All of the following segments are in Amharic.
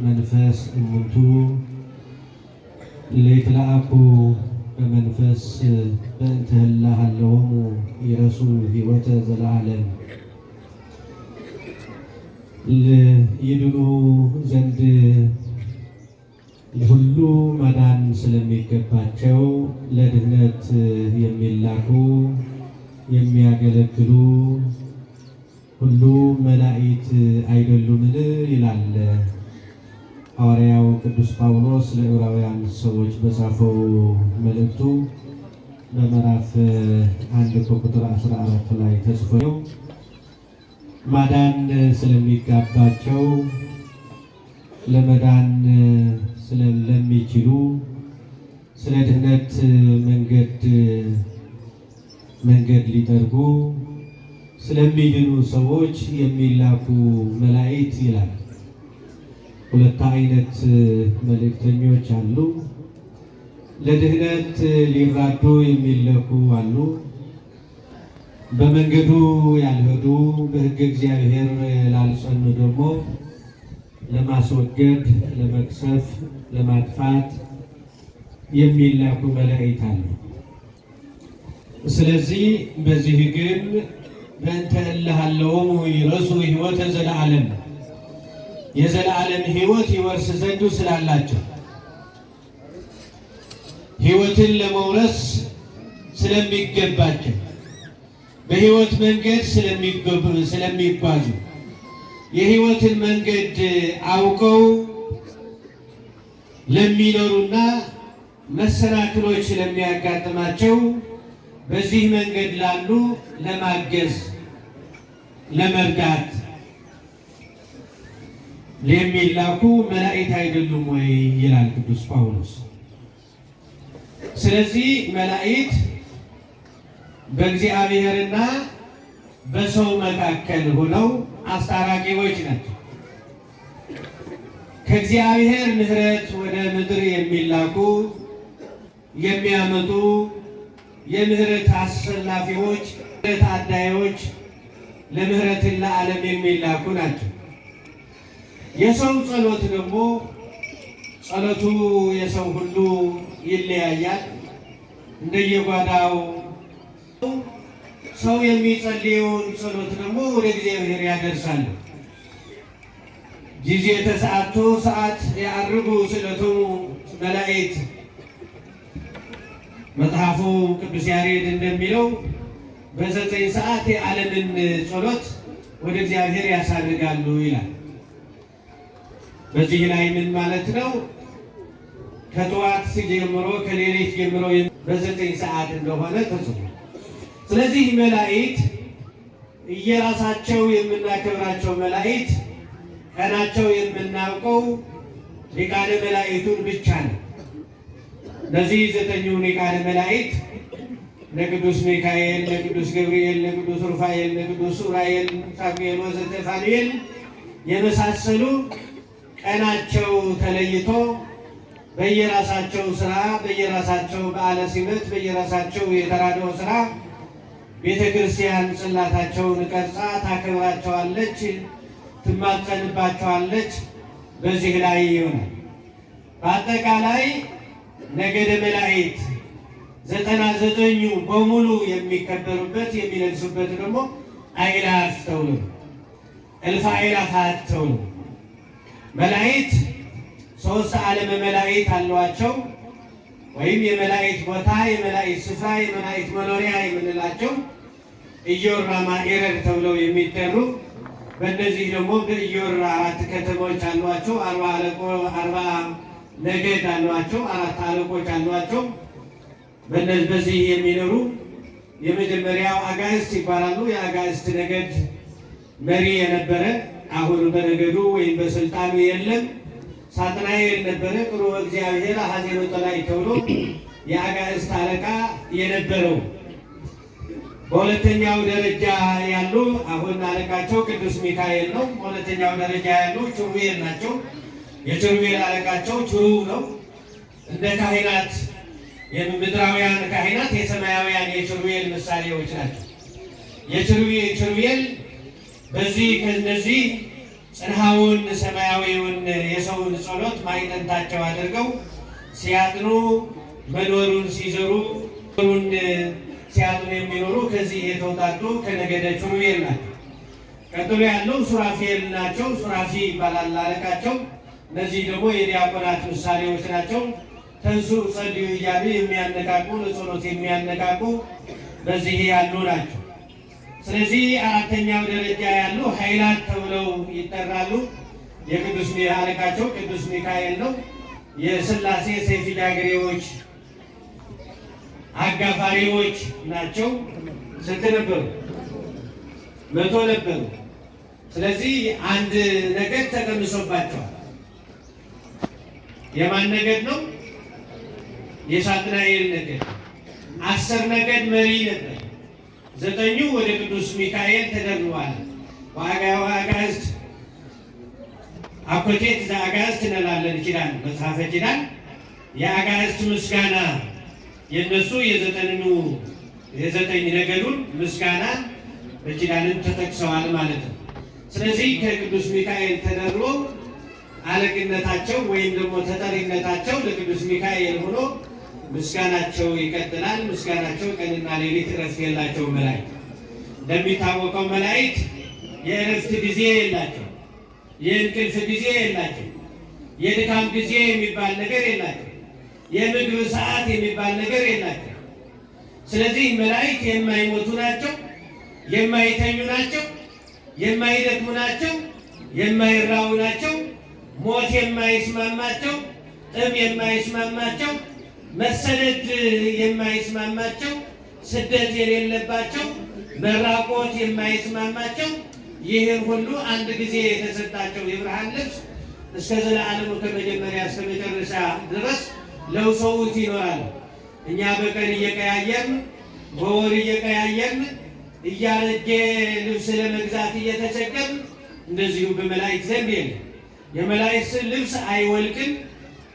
መንፈስ እሙንቱ ለይትለአኩ በመንፈስ በእንተ ህላሃለሆሙ ይረሱ ህይወተ ዘለዓለም ይድኑ ዘንድ ሁሉ መዳን ስለሚገባቸው ለድህነት የሚላኩ የሚያገለግሉ ሁሉ መላእክት አይደሉምን? ይላል ሐዋርያው ቅዱስ ጳውሎስ ለዕብራውያን ሰዎች በጻፈው መልእክቱ በምዕራፍ አንድ ቁጥር 14 ላይ ተጽፎ ማዳን ስለሚጋባቸው ለመዳን ስለሚችሉ ስለ ድህነት መንገድ መንገድ ሊጠርጉ ስለሚድኑ ሰዎች የሚላኩ መላእክት ይላል። ሁለት አይነት መልእክተኞች አሉ። ለድህነት ሊራዱ የሚለኩ አሉ። በመንገዱ ያልሄዱ በሕግ እግዚአብሔር ላልጸኑ ደግሞ ለማስወገድ፣ ለመቅሰፍ፣ ለማጥፋት የሚላኩ መላእክት አሉ። ስለዚህ በዚህ ግን በእንተ እለ ይረሱ ሕይወተ ዘለዓለም የዘላለም ሕይወት ይወርስ ዘንዱ ስላላቸው ሕይወትን ለመውረስ ስለሚገባቸው በሕይወት መንገድ ስለሚጓዙ የሕይወትን መንገድ አውቀው ለሚኖሩና መሰናክሎች ስለሚያጋጥማቸው በዚህ መንገድ ላሉ ለማገዝ ለመርዳት ለሚላኩ መላእክት አይደሉም ወይ ይላል ቅዱስ ጳውሎስ። ስለዚህ መላእክት በእግዚአብሔርና በሰው መካከል ሆነው አስታራቂዎች ናቸው። ከእግዚአብሔር ምሕረት ወደ ምድር የሚላኩ የሚያመጡ የምህረት አስፈላፊዎች ምሕረት አዳዮች፣ ለዓለም የሚላኩ ናቸው። የሰው ጸሎት ደግሞ ጸሎቱ የሰው ሁሉ ይለያያል። እንደየጓዳው ሰው የሚጸልየውን ጸሎት ደግሞ ወደ እግዚአብሔር ያደርሳል። ጊዜ ተሰዓቱ ሰዓት የአርጉ ስለቱ መላእክት መጽሐፉ ቅዱስ ያሬድ እንደሚለው በዘጠኝ ሰዓት የዓለምን ጸሎት ወደ እግዚአብሔር ያሳርጋሉ ይላል። በዚህ ላይ ምን ማለት ነው? ከጠዋት ጀምሮ ከሌሊት ጀምሮ በዘጠኝ ሰዓት እንደሆነ ተጽፏል። ስለዚህ መላእክት እየራሳቸው የምናከብራቸው መላእክት ቀናቸው የምናውቀው ሊቃነ መላእክቱን ብቻ ነው። እነዚህ ዘጠኙ ሊቃነ መላእክት ለቅዱስ ሚካኤል፣ ለቅዱስ ገብርኤል፣ ለቅዱስ ሩፋኤል፣ ለቅዱስ ሱራኤል፣ ሳሙኤል ወዘተ ፋኑኤል የመሳሰሉ ቀናቸው ተለይቶ በየራሳቸው ስራ በየራሳቸው በዓለ ሲመት በየራሳቸው የተራድኦ ስራ ቤተ ክርስቲያን ጽላታቸውን ቀርጻ ታከብራቸዋለች፣ ትማጸንባቸዋለች። በዚህ ላይ ይሆናል። በአጠቃላይ ነገደ መላእክት ዘጠና ዘጠኙ በሙሉ የሚከበሩበት የሚለብሱበት ደግሞ አይላፍ ተውሉ እልፍ አይላፋት ተውሉ መላእክት ሶስት ዓለመ መላእክት አሏቸው ወይም የመላእክት ቦታ፣ የመላእክት ስፍራ፣ የመላእክት መኖሪያ የምንላቸው ኢዮራ ማኢረግ ተብለው የሚጠሩ በእነዚህ ደግሞ በኢዮራ አራት ከተሞች አሏቸው። አርባ ነገድ አሏቸው። አራት አለቆች አሏቸው። በዚህ የሚኖሩ የመጀመሪያው አጋዕዝት ይባላሉ። የአጋዕዝት ነገድ መሪ የነበረ አሁን በነገዱ ወይም በስልጣኑ የለም። ሳጥናኤል ነበረ ጥሩ እግዚአብሔር ሀዜሮ ጠላይ ተብሎ የአጋእስት አለቃ የነበረው። በሁለተኛው ደረጃ ያሉ አሁን አለቃቸው ቅዱስ ሚካኤል ነው። በሁለተኛው ደረጃ ያሉ ችሩቤል ናቸው። የችሩቤል አለቃቸው ችሩብ ነው። እንደ ካህናት የምድራውያን ካህናት የሰማያውያን የችሩቤል ምሳሌዎች ናቸው። የችሩቤል በዚህ ከነዚህ ጽንሐውን ሰማያዊውን የሰውን ጸሎት ማዕጠንታቸው አድርገው ሲያጥኑ መኖሩን ሲዘሩ ሩን ሲያጥኑ የሚኖሩ ከዚህ የተውጣጡ ከነገደ ኪሩቤል ናቸው። ቀጥሎ ያለው ሱራፌል ናቸው። ሱራፊ ይባላል አለቃቸው። እነዚህ ደግሞ የዲያቆናት ምሳሌዎች ናቸው። ተንሱ ጸልዩ እያሉ የሚያነቃቁ ለጸሎት የሚያነቃቁ በዚህ ያሉ ናቸው። ስለዚህ አራተኛው ደረጃ ያሉ ኃይላት ተብለው ይጠራሉ። የቅዱስ አለቃቸው ቅዱስ ሚካኤል ነው። የስላሴ ሰይፍ ዳግሬዎች አጋፋሪዎች ናቸው። ስንት ነበሩ? መቶ ነበሩ። ስለዚህ አንድ ነገድ ተቀንሶባቸዋል። የማን ነገድ ነው? የሳትናኤል ነገድ። አስር ነገድ መሪ ነበር። ዘጠኙ ወደ ቅዱስ ሚካኤል ተደርበዋል። ዋጋ አጋዕዝት አኮቴት ዘአጋዕዝት እንላለን። ኪዳን መጽሐፈ ኪዳን የአጋዕዝት ምስጋና የነሱ የዘጠኙ የዘጠኝ ነገዱን ምስጋና በኪዳንም ተጠቅሰዋል ማለት ነው። ስለዚህ ከቅዱስ ሚካኤል ተደርቦ አለቅነታቸው ወይም ደግሞ ተጠሪነታቸው ለቅዱስ ሚካኤል ሆኖ ምስጋናቸው ይቀጥላል። ምስጋናቸው ቀንና ሌሊት እረፍት የላቸው መላእክት። እንደሚታወቀው መላእክት የእረፍት ጊዜ የላቸው፣ የእንቅልፍ ጊዜ የላቸው፣ የድካም ጊዜ የሚባል ነገር የላቸው፣ የምግብ ሰዓት የሚባል ነገር የላቸው። ስለዚህ መላእክት የማይሞቱ ናቸው፣ የማይተኙ ናቸው፣ የማይደክሙ ናቸው፣ የማይራቡ ናቸው፣ ሞት የማይስማማቸው፣ ጥም የማይስማማቸው መሰደድ የማይስማማቸው፣ ስደት የሌለባቸው፣ መራቆት የማይስማማቸው ይህን ሁሉ አንድ ጊዜ የተሰጣቸው የብርሃን ልብስ እስከ ዘላለሙ ከመጀመሪያ እስከ መጨረሻ ድረስ ለውሰውት ይኖራል። እኛ በቀን እየቀያየርን በወር እየቀያየርን እያረጀ ልብስ ለመግዛት እየተቸገርን እንደዚሁ በመላእክት ዘንድ የለም። የመላእክት ልብስ አይወልቅም።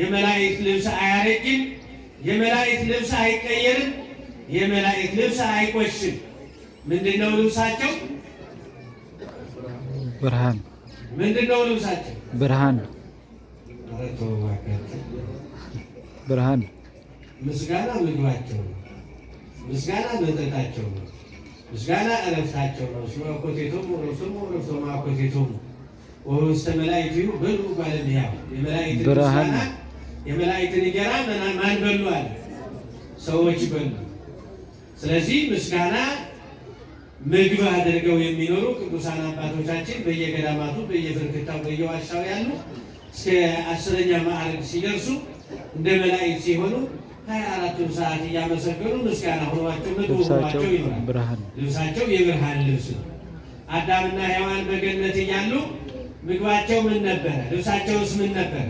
የመላእክት ልብስ አያረጅም። የመላእክት ልብስ አይቀየርም። የመላእክት ልብስ አይቆሽም። ምንድነው ልብሳቸው? ብርሃን። ምንድነው ልብሳቸው? ብርሃን ብርሃን። ምስጋና ምግባቸው ነው። ምስጋና መጠጣቸው ነው። ምስጋና እረፍታቸው ነው። ስመ ኮቴቶሙ ረብሶሙ ረብሶሙ ኮቴቶሙ ወውስተ መላእክቱ በሉ ባለሚያው የመላእክት ብርሃን የመላእክትን እንጀራ ማን በሉ አለ? ሰዎች በሉ። ስለዚህ ምስጋና ምግብ አድርገው የሚኖሩ ቅዱሳን አባቶቻችን በየገዳማቱ በየፍርክታው በየዋሻው ያሉ እስከ አስረኛ ማዕረግ ሲደርሱ እንደ መላእክት ሲሆኑ ሀያ አራቱን ሰዓት እያመሰገኑ ምስጋና ሆኗቸው ምግብ ሆኗቸው ይኖራል። ልብሳቸው የብርሃን ልብስ ነው። አዳምና ሔዋን በገነት እያሉ ምግባቸው ምን ነበረ? ልብሳቸውስ ምን ነበረ?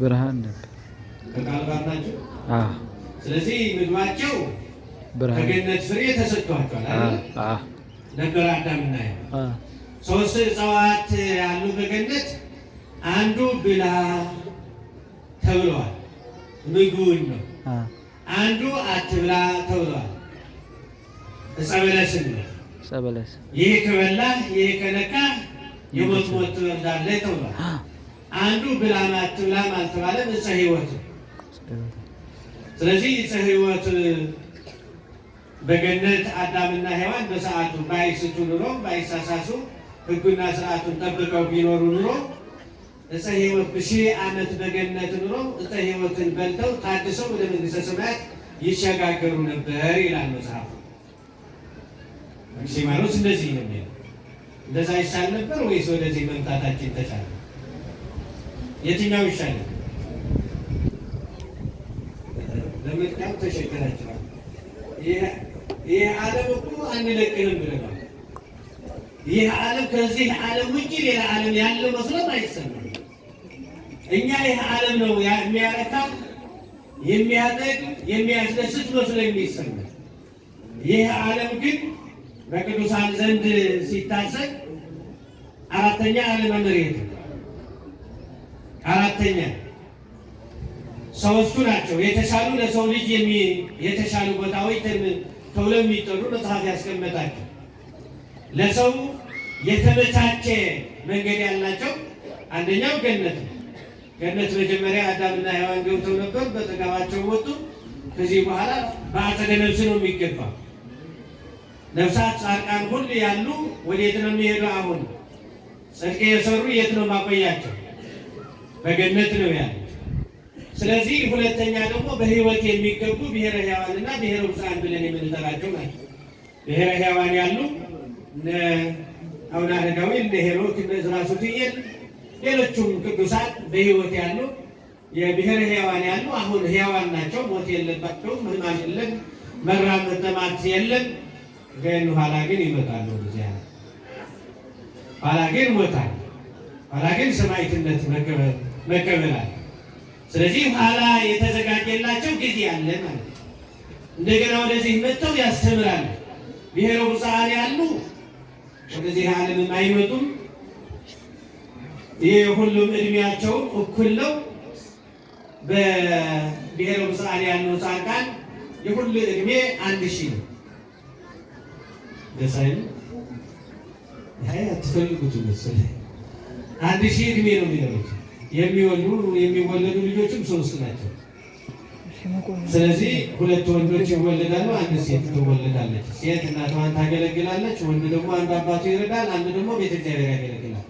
ብርሃን ነበር። ስለዚህ ምግባቸው ከገነት ፍሬ ተሰጥቷቸዋል ነበር አዳምና ሶስት እጽዋት ያሉ በገነት አንዱ ብላ ተብለዋል። ምግቡን ነው። አንዱ አትብላ ተብለዋል። ዕፀ በለስን ነው። ይህ ከበላህ ይህ ከነካህ የሞት ሞት ትበላለህ ተብሏል። አንዱ ብላማት አትብላም አልተባለ ዕፀ ህይወት። ስለዚህ ዕፀ ህይወት በገነት አዳምና ሔዋን በሰዓቱ ባይስቱ ኑሮ ባይሳሳሱ ሕጉና ስርዓቱን ጠብቀው ቢኖሩ ኑሮ ዕፀ ህይወት በሺህ ዓመት በገነት ኑሮ ዕፀ ህይወትን በልተው ታድሰው ወደ መንግሥተ ሰማያት ይሸጋገሩ ነበር ይላል መጽሐፉ። ማክሲማኖስ እንደዚህ ነው እንደዛ ይሻል ነበር ወይስ ወደዚህ መምጣታችን ተቻለ? የትኛው ይሻላል? ለመጥቃት ተሸግራችኋል። ይህ ዓለም እኮ ብለናል። ይህ ዓለም ከዚህ ዓለም ውጭ ሌላ ዓለም ያለ መስሎት አይሰማም። እኛ ይህ ዓለም ነው የሚያረካ የሚያጠቅ የሚያስደስት መስሎ ይህ ዓለም ግን በቅዱሳን ዘንድ ሲታሰብ አራተኛ ዓለም መሬት ነው። አራተኛ ሶስቱ ናቸው የተሻሉ ለሰው ልጅ የተሻሉ ቦታዎች ተብለው የሚጠሩ መጽሐፍ ያስቀመጣቸው ለሰው የተመቻቸ መንገድ ያላቸው አንደኛው ገነት ነው። ገነት መጀመሪያ አዳምና ሔዋን ገብተው ነበር፣ በጥጋባቸው ወጡ። ከዚህ በኋላ በአጸደ ነፍስ ነው የሚገባው። ነፍሳት ጻድቃን ሁሉ ያሉ ወዴት ነው የሚሄዱ? አሁን ጽድቅ የሰሩ የት ነው ማቆያቸው? በገነት ነው ያለ። ስለዚህ ሁለተኛ ደግሞ በህይወት የሚገቡ ብሔረ ሕያዋን እና ብሔረ ብፁዓን ብለን የምንጠራቸው ናቸው። ብሔረ ህያዋን ያሉ አቡነ አረጋዊ፣ እነ ሄኖክ፣ እነ ዕዝራ ሱትየን ሌሎቹም ቅዱሳን በህይወት ያሉ የብሔረ ህያዋን ያሉ አሁን ህያዋን ናቸው። ሞት የለባቸውም። ህማም የለም። መራመድ ጥማት የለም። ግን ኋላ ግን ይመጣሉ። እዚያ ኋላ ግን ሞታል። ኋላ ግን ሰማዕትነት መቀበል መቀበላል። ስለዚህ ኋላ የተዘጋጀላቸው ጊዜ አለ ማለት ነው። እንደገና ወደዚህ መጥተው ያስተምራል። ብሔረ ቡፃን ያሉ ወደዚህ ዓለም አይመጡም። ይህ ሁሉም እድሜያቸውን እኩል ነው። በብሔረ ቡፃን ያሉ ጻድቃን የሁሉ እድሜ አንድ ሺህ ነው። ደሳይ አትፈልጉት መሰለኝ አንድ ሺህ እድሜ ነው የሚኖሩት የሚወለዱ ልጆችም ሶስት ናቸው። ስለዚህ ሁለት ወንዶች ይወለዳሉ፣ አንድ ሴት ትወለዳለች። ሴት እናቷን ታገለግላለች፣ ወንድ ደግሞ አንድ አባቱ ይረዳል፣ አንድ ደግሞ ቤተ እግዚአብሔር ያገለግላል።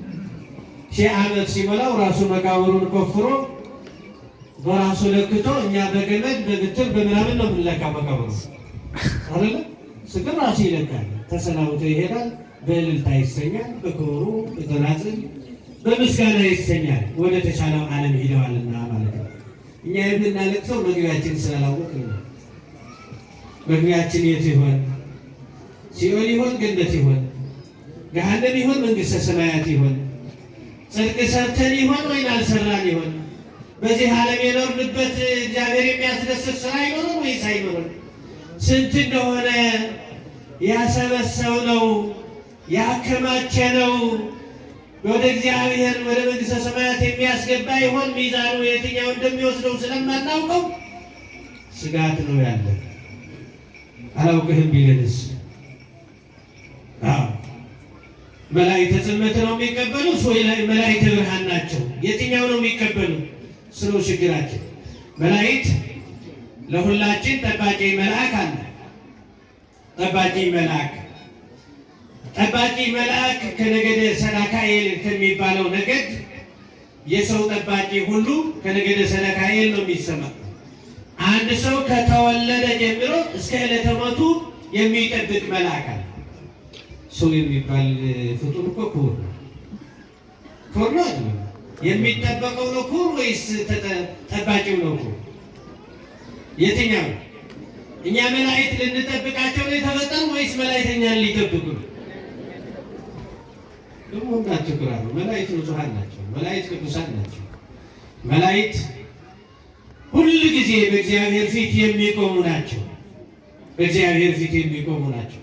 ሺህ ዓመት ሲሞላው ራሱ መቃብሩን ቆፍሮ በራሱ ለክቶ እኛ በገመድ በብትር በምናምን ነው የምንለካ መቃብሩ አይደለ ስግር ራሱ ይለካል። ተሰናብቶ ይሄዳል። በእልልታ ይሰኛል። በክብሩ በተናጽል በምስጋና ይሰኛል። ወደ ተሻለው ዓለም ሄደዋልና ማለት ነው። እኛ የምናለቅሰው መግቢያችን ስላላወቅ ነው። መግቢያችን የት ይሆን? ሲኦል ይሆን? ገነት ይሆን? ገሃነም ይሆን? መንግሥተ ሰማያት ይሆን? ጽድቅ ሰርተን ይሆን ወይን አልሰራን ይሆን? በዚህ ዓለም የኖርንበት እግዚአብሔር የሚያስደስት ስራ አይኖርም ወይስ አይኖርም? ስንት እንደሆነ ያሰበሰው ነው ያከማቸ ነው ወደ እግዚአብሔር ወደ መንግሥተ ሰማያት የሚያስገባ ይሆን? ሚዛኑ የትኛው እንደሚወስደው ስለማናውቀው ስጋት ነው ያለ። አላውቅህም ቢልንስ? መላእክተ ጽልመት ነው የሚቀበሉ? መላእክተ ብርሃን ናቸው? የትኛው ነው የሚቀበሉ? ስሎ ችግራችን መላእክት ለሁላችን ጠባቂ መልአክ አለ። ጠባቂ መልአክ ጠባቂ መልአክ ከነገደ ሰናካኤል ከሚባለው ነገድ የሰው ጠባቂ ሁሉ ከነገደ ሰናካኤል ነው የሚሰማ። አንድ ሰው ከተወለደ ጀምሮ እስከ ዕለተ ሞቱ የሚጠብቅ መልአክ አለ። ሰው የሚባል ፍጡር እኮ ክቡር ነው። ክቡር ነው የሚጠበቀው ነው ክቡር ወይስ ጠባቂው ነው ክቡር? የትኛው? እኛ መላእክት ልንጠብቃቸው ነው የተፈጠሩ ወይስ መላእክት እኛን ሊጠብቁ ነው? ደግሞ ምናቸው መላእክት ንጹሐን ናቸው። መላእክት ቅዱሳን ናቸው። መላእክት ሁል ጊዜ በእግዚአብሔር ፊት የሚቆሙ ናቸው። በእግዚአብሔር ፊት የሚቆሙ ናቸው።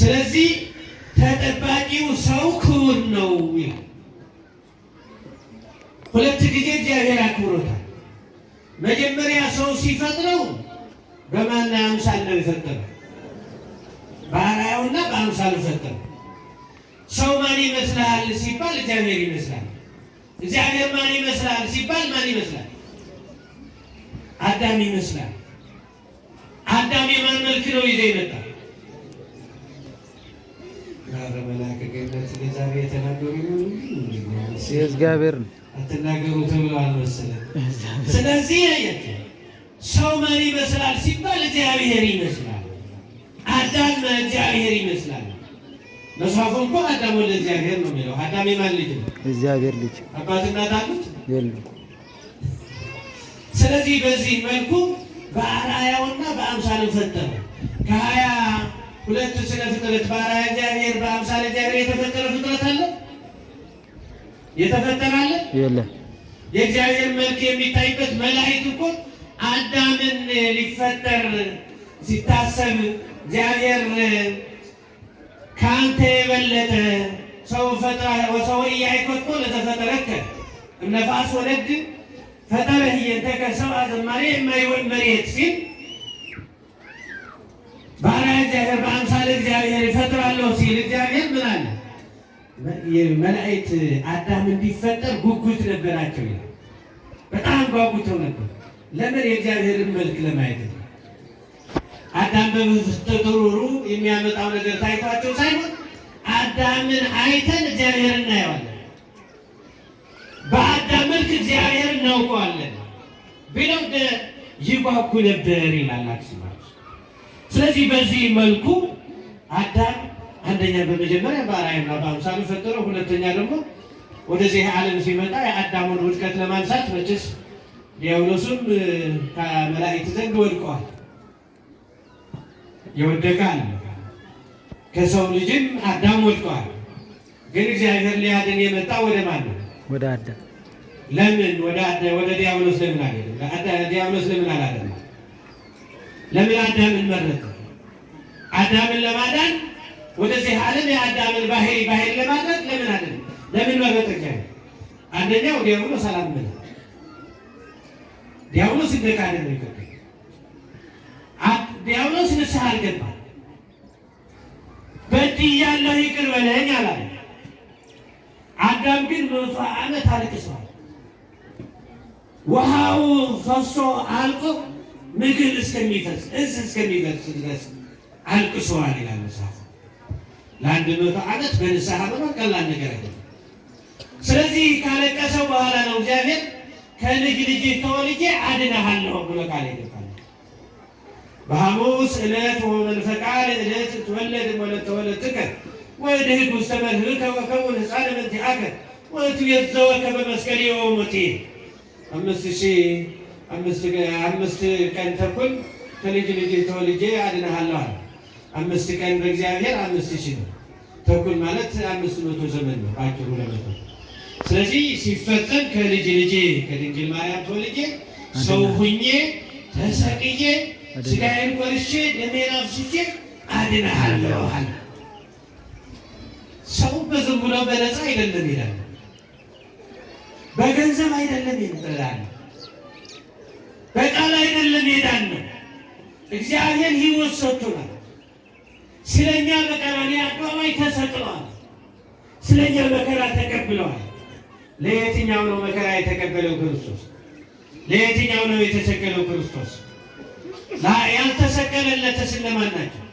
ስለዚህ ተጠባቂው ሰው ክቡር ነው ይላል። ሁለት ጊዜ እግዚአብሔር አክብሮታል። መጀመሪያ ሰው ሲፈጥረው በማን አምሳል ነው የፈጠረው፣ በአርአያውና በአምሳሉ ፈጠረው። ሰው ማን ይመስላል ሲባል እግዚአብሔር ይመስላል። እግዚአብሔር ማን ይመስላል ሲባል ማን ይመስላል? አዳም ይመስላል። አዳም የማን መልክ ነው ይዘ ይመጣል? እግዚአብሔር አትናገሩ ተብሎ መሰለህ። ስለዚህ ሰው ማን ይመስላል ሲባል እግዚአብሔር ይመስላል። አዳም እግዚአብሔር ይመስላል። መጽሐፉ እኮ አዳም ወልደ እግዚአብሔር ነው የሚለው። አዳም የማን ልጅ ነው? እግዚአብሔር ልጅ። አባት እናት አሉት? የሉም። ስለዚህ በዚህ መልኩ በአርአያውና በአምሳሉ ፈጠረ። ከሀያ ሁለቱ ስነ ፍጥረት በአርአያ እግዚአብሔር በአምሳለ እግዚአብሔር የተፈጠረ ፍጥረት አለ? የተፈጠረ አለ? የለም። የእግዚአብሔር መልክ የሚታይበት መላእክት እኮ አዳምን ሊፈጠር ሲታሰብ እግዚአብሔር ከአንተ የበለጠ ሰው ወሰውእየ አይኮትኮ ለተፈጠረከ እነፋስ ወለድ ፈጠረህ የንተከ ሰብአ ዘማሬ የማይወድ መሬት ሲል ባሪያ እግዚአብሔር በአምሳለ እግዚአብሔር ይፈጥራለሁ ሲል እግዚአብሔር ምን አለ? መላእክት አዳም እንዲፈጠር ጉጉት ነበራቸው ይላል። በጣም ጓጉተው ነበር። ለምን? የእግዚአብሔርን መልክ ለማየት አዳም በፍጥሩ የሚያመጣው ነገር ታይቷቸው ሳይሆን አዳምን አይተን እግዚአብሔር እናየዋለን። በአዳም መልክ እግዚአብሔር እናውቀዋለን ቢለው ይጓጉ ነበር ይላል ስለዚህ በዚህ መልኩ አዳም አንደኛ በመጀመሪያ በአርአያና በአምሳሉ ፈጠረው። ሁለተኛ ደግሞ ወደዚህ ዓለም ሲመጣ የአዳሙን ውድቀት ለማንሳት መቼስ ዲያብሎስም ከመላእክት ዘንድ ወድቀዋል። የወደቀ አለ። ከሰው ልጅም አዳም ወድቀዋል። ግን እግዚአብሔር ሊያድን የመጣ ወደ ማን ነው? ወደ አዳም። ለምን ወደ ወደ ዲያብሎስ ለምን አይደለም? ዲያብሎስ ለምን አላለም? ለምን አዳምን መረጠ? አዳምን ለማዳን ወደዚህ ዓለም የአዳምን ባህሪ ባህሪ ለማድረግ ለምን አይደለም? ለምን መረጠ? አንደኛው ዲያብሎስ አላመነ። ዲያብሎስ ይደቃ አይደለም ዲያብሎስ ንስሐ አልገባ በእጅ እያለሁ ይቅር በለኝ አላለ። አዳም ግን መቶ ዓመት አልቅሷል። ውሃው ፈሶ አልቆ ምግብ እስከሚፈስ እስ እስከሚፈስ ድረስ አልቅሷል ይላል መጽሐፍ። ለአንድ መቶ ዓመት በንስሐ መኖር ቀላል ነገር አይደለም። ስለዚህ ካለቀሰው በኋላ ነው እግዚአብሔር ከልጅ ልጅ ተወልጄ አድነሃለሁ ብሎ ቃል ይገባል። በሐሙስ ዕለት ወመንፈቃል ዕለት ትወለድ ወለተወለድከ ወድህግ ውስተ መድህከ ወከውን ህፃነ መንቲአከ ወቱ የዘወከ በመስቀል የወሙቲ አምስት ሺህ አምስት ቀን ተኩል ከልጅ ልጅ ተወልጄ አድነሃለዋል። አምስት ቀን በእግዚአብሔር አምስት ሺህ ነው። ተኩል ማለት አምስት መቶ ዘመን ነው በአጭሩ ለመቶ። ስለዚህ ሲፈጠን ከልጅ ልጄ ከድንግል ማርያም ተወልጄ ሰው ሁኜ ተሰቅዬ ስጋዬን ቆርሼ ደሜን አፍስሼ አድንሃለሁ አለ። ሰው በዝም ብሎ በነፃ አይደለም ይላል፣ በገንዘብ አይደለም ይላል፣ በቃል አይደለም ይሄዳል። እግዚአብሔር ሕይወት ሰጥቶናል። ስለኛ በቀራንዮ አደባባይ ተሰቅለዋል። ስለኛ መከራ ተቀብለዋል። ለየትኛው ነው መከራ የተቀበለው ክርስቶስ? ለየትኛው ነው የተሰቀለው ክርስቶስ? ያልተሰቀለለትስ እነማን ናቸው?